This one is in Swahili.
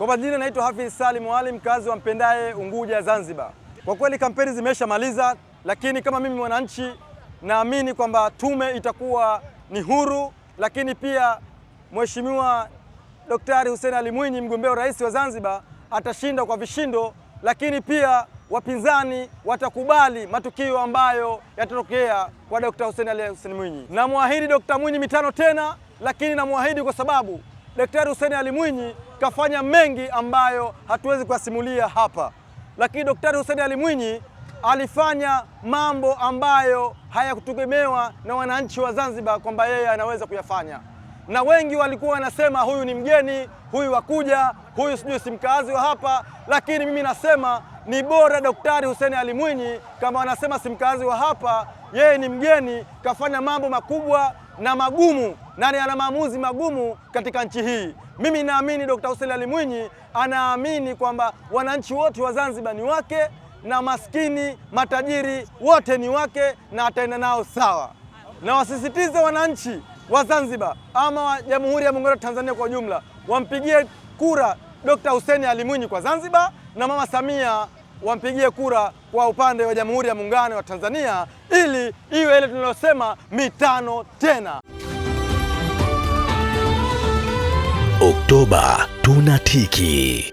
Kwa majina naitwa Hafiz Salim Mwalim, mkazi wa Mpendae, Unguja, Zanzibar. Kwa kweli kampeni zimeshamaliza, lakini kama mimi mwananchi naamini kwamba tume itakuwa ni huru, lakini pia Mheshimiwa Daktari Hussein Ali Mwinyi, mgombea urais wa Zanzibar, atashinda kwa vishindo, lakini pia wapinzani watakubali matukio ambayo yatatokea kwa Daktari Hussein Ali Hussein Mwinyi. Namwahidi Daktari Mwinyi mitano tena, lakini namwahidi kwa sababu Daktari Hussein Ali Mwinyi kafanya mengi ambayo hatuwezi kuyasimulia hapa, lakini Daktari Hussein Ali Mwinyi alifanya mambo ambayo hayakutegemewa na wananchi wa Zanzibar kwamba yeye anaweza kuyafanya, na wengi walikuwa wanasema huyu ni mgeni, huyu wakuja, huyu sijui si mkaazi wa hapa, lakini mimi nasema ni bora Daktari Hussein Ali Mwinyi, kama wanasema si wa hapa, yeye ni mgeni, kafanya mambo makubwa na magumu na ana maamuzi magumu katika nchi hii. Mimi naamini Dr. Hussein Ali Mwinyi anaamini kwamba wananchi wote wa Zanzibar ni wake na maskini matajiri wote ni wake na ataenda nao sawa, na wasisitize wananchi wa Zanzibar ama wa Jamhuri ya Muungano wa Tanzania kwa ujumla wampigie kura Dr. Hussein Ali Mwinyi kwa Zanzibar na Mama Samia wampigie kura kwa upande wa Jamhuri ya Muungano wa Tanzania ili iwe ile tunalosema mitano tena. Oktoba tunatiki.